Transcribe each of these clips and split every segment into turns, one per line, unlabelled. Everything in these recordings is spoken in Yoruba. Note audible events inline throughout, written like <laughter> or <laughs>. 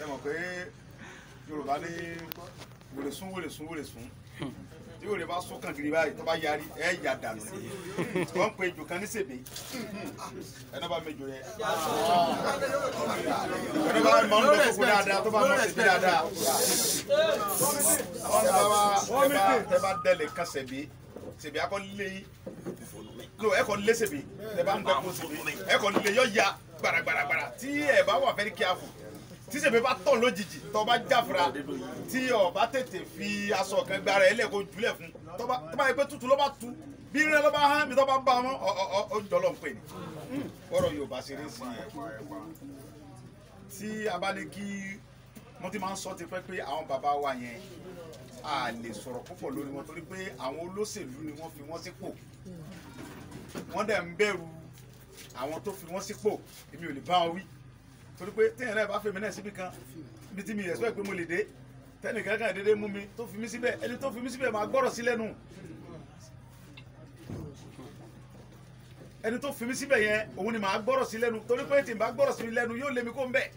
ṣe mọ̀ pé yorùbá ní wèrè sún wèrè sún wèrè sún tí wèrè bá sún kan kiri báyìí tó bá yarí ẹ yà dànù ni wọ́n pe jù kan ní sèbè ẹnà bá mejò yẹ ẹnà bá mọ nínú kókó dáadáa tó bá mọ sèbè dáadáa wọ́n bá ẹ bá dẹ́lẹ̀ kan sèbè sèbè akọ léyìn no ẹ kọ lé sèbè ẹ bá ń gbẹ kó sèbè ẹ kọ lé yọ ya gbàràgbàràgbàrà tí ẹ bá wà fẹ́ kí a kù tíṣèpé bá tàn lójijì tó bá jáfra tí ó bá tètè fi aṣọ kan gbára ẹ̀ lẹ́kọ̀ọ́ jùlẹ̀ fún tó bá yẹ pé tútù ló bá tu bí rẹ ló bá hán mi tó bá bá ọmọ ọjọ́ ló ń pè ní ọ̀rọ̀ Yorùbá ṣeré sí i tí a bá ní kí mo ti máa ń sọ tipẹ́ pé àwọn bàbá wa yẹn a lè sọ̀rọ̀ púpọ̀ lórí wọn torí pé àwọn olóṣèlú ni wọ́n fi wọ́n sípò wọ́n dẹ̀ ń bẹ̀rù àwọn tó fi wọ́n sípò èmi ò lè bá wọn wí torí pé téèyàn náà bá fèmí náà síbi kan bí tí mi yẹ sọ́ọ̀ pé mo lè dé tẹ́nì kankan dédé mú mi tó fi mí síbẹ̀ ẹni tó fi mí síbẹ̀ máa gbọ́rọ̀ sí lẹ́nu ẹni tó fi mí síbẹ̀ yẹn òun ni màá gbọ́rọ̀ sí lẹ́nu torí pé tí n bá gbọ́rọ̀ sí mi lẹ́nu yóò lé mi kó ń bẹ̀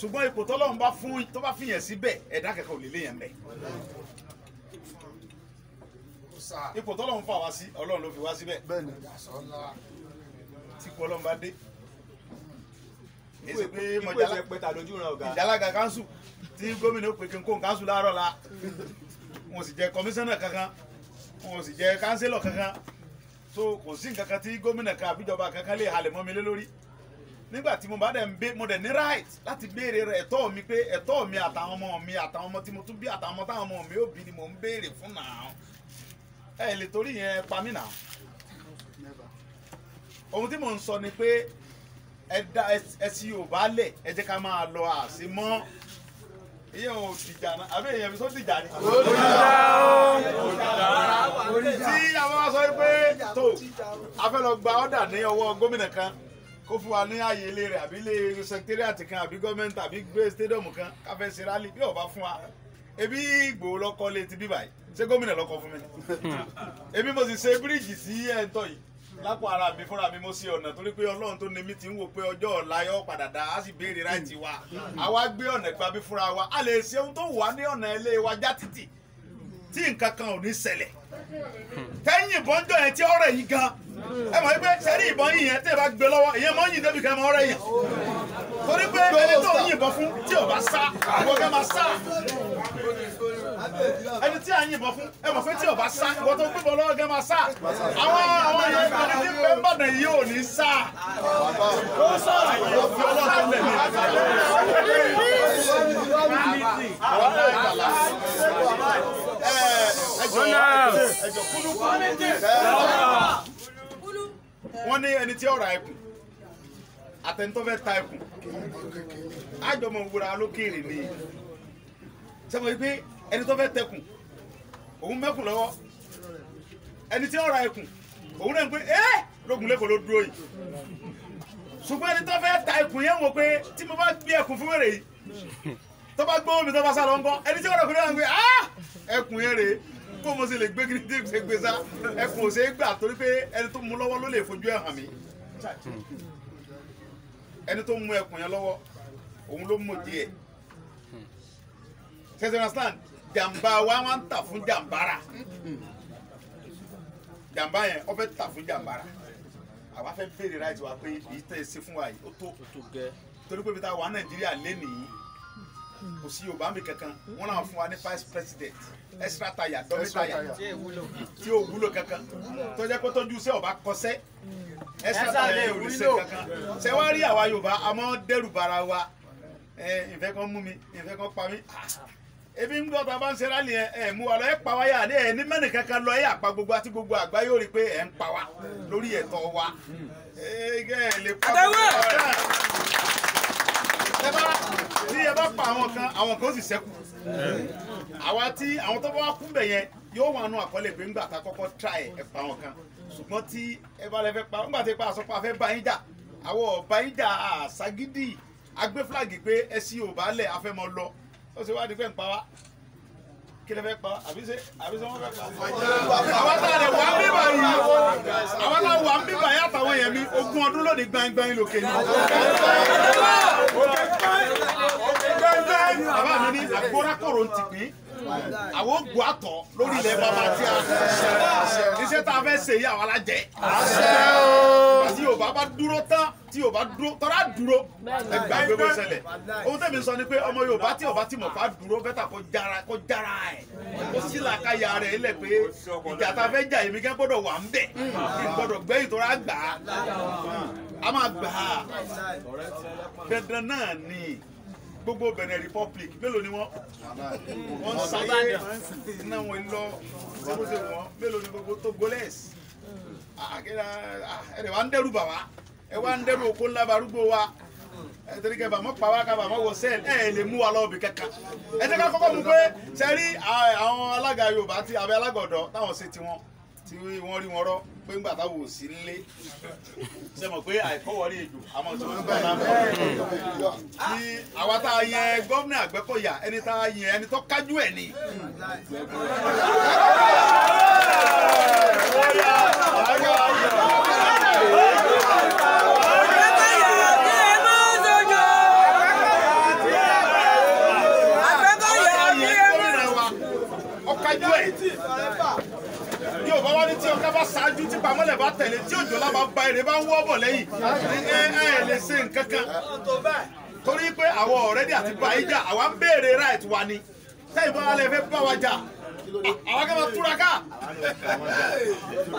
ṣùgbọ́n ipò tọ́lọ́run bá fún tó bá fi yẹn síbẹ̀ ẹ̀dá kẹ̀kẹ́ ò lè lé yẹn bẹ̀ ipò tọ́lọ́run fà wá sí ọlọ́run ló fi wá síbẹ̀ tí kò ọlọ́run bá dé èsì pé mọ̀jálá ìjàlága kanṣu tí gómìnà pè kí n kó n láàárọ̀ la wọn sì jẹ kọmíṣánná kankan wọn sì jẹ kánsílọ̀ kankan so kò sí nǹkan tí gómìnà kan àbíjọba kankan lè halẹ̀ mọ́ mi lé lórí nígbà tí mo bá dẹ̀ ń bé mo dẹ̀ ní right láti béèrè rẹ̀ ẹ̀tọ́ mi pé ẹ̀tọ́ mi àtàwọn ọmọ mi àtàwọn ọmọ tí mo tún bí àtàwọn ọmọ táwọn ọmọ mi ò bí ni mò ń béèrè fún náà ẹ lè torí yẹn pa mí náà ohun tí mò ń sọ ni pé ẹsìn yorùbá lẹ̀ ẹ jẹ́ ká máa lọ àṣẹ mọ́ ìyẹn ò dìjà náà àbí èèyàn mi tó dìjà ni. olùdíjà ó tí àwọn bá sọ pé tó a fẹ́ lọ gba ọ́dà ní ọwọ́ gómìnà kan kó fún wa ní ààyè ilé rẹ̀ àbí ilé sẹkítẹ́rìàtì kan àbí gọ́ọ̀mẹ́ntì àbí gbé stadium kan káfẹ́ ṣe rálì bí ọba fún wa ebi Ìgbòho lọ́kọ́ létí bíbáyìí ṣé gómìnà lọ́kọ́ fún mi <laughs> ebi mo sì ṣe bíríìjì sí ẹ̀ńtọ́ yìí lápò ara mi fúnra mi mo ṣe ọ̀nà torí pé ọlọ́run tó ní mi ti ń wò pé ọjọ́ ọ̀la yọ padà dá a sì béèrè ráìtì wa àwa gbé ọ̀nà ìgbà bí fúnra wa a lè ṣe ohun tó wà ní ọ̀nà ilé wa já títì tí nǹkan kan ò ní ṣẹlẹ̀ tẹ́yìn ìbọn jọ yẹn tí ọ̀rẹ́ yìí gan ẹ mọ̀ pé sẹ́rí ìbọn yìí yẹn tẹ́ ẹ bá gbé lọ́wọ́ ìyẹn mọ́ yìí débi kẹ́ ọ̀rẹ́ yẹn torí pé ẹni tó ń yìnbọn fún tí ò bá sá àwọn ọ̀gá máa sá ẹni tí a ń yìnbọn fún ẹ mọ̀ pé tí ò bá sá ìwọ tó gbébọn lọ́wọ́ gẹ́ máa sá àwọn àwọn ẹni tó ní pé bàdàn yìí ò ní sá ó sọ̀rọ̀ yìí ó fi ọlọ́dún lẹ̀ ní. wọ́n ní ẹni tí ó ra ẹkùn àtẹnitọ́fẹ́ ta ẹkùn àjọmọ̀ wúra lókèrè ni sẹ́wọ̀n yìí pé ẹni tó fẹ́ tẹkùn òun mẹ́kùn lọ́wọ́ ẹni tí ó ra ẹkùn òun náà ń pè é lókun lẹ́kọ̀ọ́ ló dúró yìí ṣùgbọ́n ẹni tó fẹ́ ta ẹkùn yẹn wò pé tí mo bá gbé ẹkùn fún wèrè yìí tó bá gbówó mi tó bá sá lọ ń kọ́ ẹni tí ó rẹ̀ kúrò náà kó mo sì lè gbé kí dé gbé sá ẹkùn ò é gbà torí pé ẹni tó mú lọ́wọ́ ló lè fojú ẹ̀ hàn mí ẹni tó mú ẹkùn yẹn lọ́wọ́ òun ló mú díẹ̀ ṣẹṣẹ understand jàǹbá wa wọn tà fún jàǹbára jàǹbá yẹn wọn fẹ́ tà fún jàǹbára àwa fẹ́ béèrè ráìtì wa pé èyí tẹ́ ẹ ṣe fún wa yìí ó tó torí pé bíi ta wà nàìjíríà lé nìyí kò sí yorùbá mi kankan wọn náà fún wa ní vice president extra tire dọ́mítàyà tí ò wúlò kankan tọ́jà pé tọ́jú iṣẹ́ ọba kọsẹ́ ẹ̀sà lè wúlò ṣe wá rí àwa Yorùbá a mọ́ dẹ́rù bara wa ìfẹ́ kan mú mi ìfẹ́ kan pa mí ebi ń gbọ́ ta bá ń ṣe rálì ẹ̀ mú wa lọ ẹ̀ pa wá yà ni ẹ̀ ní mẹ́rin kankan lọ ẹ̀ àpá gbogbo àti gbogbo àgbá yóò rí i pé ẹ̀ ń pa wá lórí ẹ̀tọ́ wa ẹ̀ lè pa gbogbo ọ̀rẹ́ tí ẹ bá pa àwọn kan àwọn kan ó sì ṣẹ́kù àwa tí àwọn tó bá wá kú bẹ̀ yẹn yóò wà nù àkọọ́lẹ̀ pé ńgbà tá kọ́kọ́ tra ẹ̀ ẹ̀ pa wọn kan ṣùgbọ́n tí ẹ bá lẹ fẹ́ pa ńgbà tí pa àsọpọ̀ afẹ́ bá yín jà àwọn ọ̀bá yín jà àṣàgídì agbé fúlàgì pé ẹ sì ò bá lẹ̀ afẹ́ mọ lọ ó ṣe wá di pé ń pa wá kí lẹ fẹ́ pa àbí ṣe àbí ṣe wọ́n fẹ́ pa wá. àwọn tá a lè bíbà yìí àtàwọn yẹn mi ogún ọdún lónìí gbangban lókè ni. àbá mi ní àgbórakòrò ń pín àwọn ògùn àtọ̀ lórí ilẹ̀ bàbá tí a iṣẹ́ tá a fẹ́ ṣe yìí àwọn alájẹ. tí o bá bá dúró tán tí o bá dúró tọ́lá dúró ẹgbẹ́ gbogbo ṣẹlẹ̀ ohun tẹ̀mí sọ ni pé ọmọ Yorùbá tí o bá ti mọ̀ fà dúró bẹ́tà kó jara kó jara ẹ̀ kó sí làákàyà rẹ̀ lẹ̀ pé ìjà tá a fẹ́ jà èmi gẹ́ gbọ́dọ̀ wà ń bẹ̀ gbọ́dọ̀ gbẹ́yìn tó rà gbà á a máa gbà á dandan náà ni gbogbo Benin Republic mélòó ni wọ́n wọ́n sáyé náà wọ́n lọ ṣébóṣe wọ́n mélòó ni gbogbo Togolese ah, ah, ah, ẹ̀rẹ̀ wa ń dẹ́rù bàbá ẹ wá ń dẹ́rù okó ńlá barúgbó wa ẹtẹ̀rí kẹfà mọ́ pàwá kàfà mọ́ wọ sẹ́ẹ̀lì ẹ̀ lè mú wa lọ bí kẹ́kà ẹtẹ̀ká kọ́kọ́ mú pé sẹ́rí àwọn alága Yorùbá àti àbẹ alágọ̀dọ̀ táwọn ṣe tiwọn tí wọ́n rí wọn rọ́ pé ńgbà táwọn ò sí nílé ṣe mọ̀ pé àìkọ́wọ́rí èjò àmọ́ tí wọ́n ń gbà lámọ́ tí àwa tá a yẹ gómìnà Àgbẹ̀kọ̀yà ẹni tá a yẹ ẹni tó kájú ẹ̀ ni. torí tí ọ̀gá bá ṣáájú tí pamọ́lẹ̀ bá tẹ̀lé tí òjò lábá ba èrè bá ń wọ́ bọ̀ lẹ́yìn ẹ ẹ lè ṣe nǹkan kan torí pé àwọn ọ̀rẹ́dì àti bàyíjà àwa ń béèrè right wa ni tẹ́ ìbọn alẹ́ fẹ́ bá wa jà àwa ká ma túraká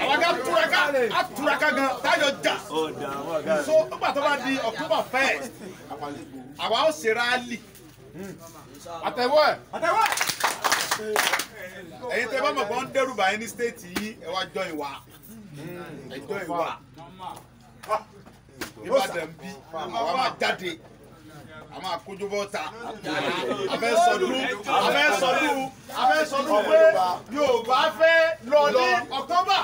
àwa ká túraká
á túraká gan táyọ̀ jà so nígbà tó bá di October first àwa ó ṣe rálì àtẹ̀wọ́ ẹ̀ ẹ̀yin tẹ́ bá mọ̀ kó ń dẹ́rù bá stéètì yìí ẹ wá jọ ìwà hmm, ẹ jọ ìwà ìbàdàn bí àwa máa jáde a máa kójú bọ́ ta a fẹ́ sọdún a fẹ́ sọdún a fẹ́ sọdún pé Yorùbá fẹ́ lọ ní October.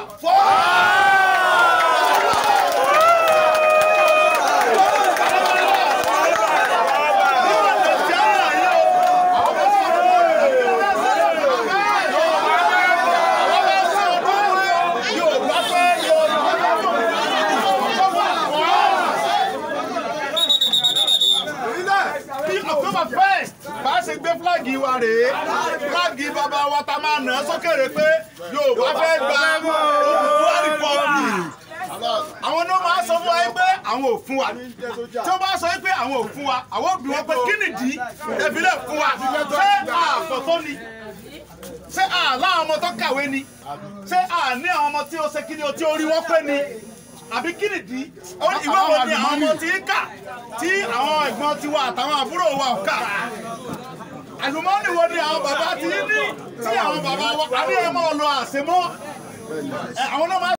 wa rèé fúlàgì bàbá wa ta máa nà án sókèrè pé Yorùbá fẹ́ gba Yorùbá rìpọ́ọ̀lì àwọn náà máa sọ fún wa pé àwọn ò fún wa tí ó bá sọ pé àwọn ò fún wa àwọn òbí wọn pé kí nìdí ẹ̀fílẹ̀ fún wa ṣé àfọ̀tọ́ ni ṣé àláwọn ọmọ tó kàwé ni ṣé àní àwọn ọmọ tí ó ṣe kí ni o tí ó rí wọn pé ni àbí kí nìdí ìwé wo ni àwọn ọmọ ti ń kà tí àwọn ẹ̀gbọ́n tiwa àtàwọn àbúrò wa ò kà àlùmọ́nì wo ni àwọn bàbá ti ní tí àwọn bàbá wa àbí ẹ máa lọ àṣemọ́ àwọn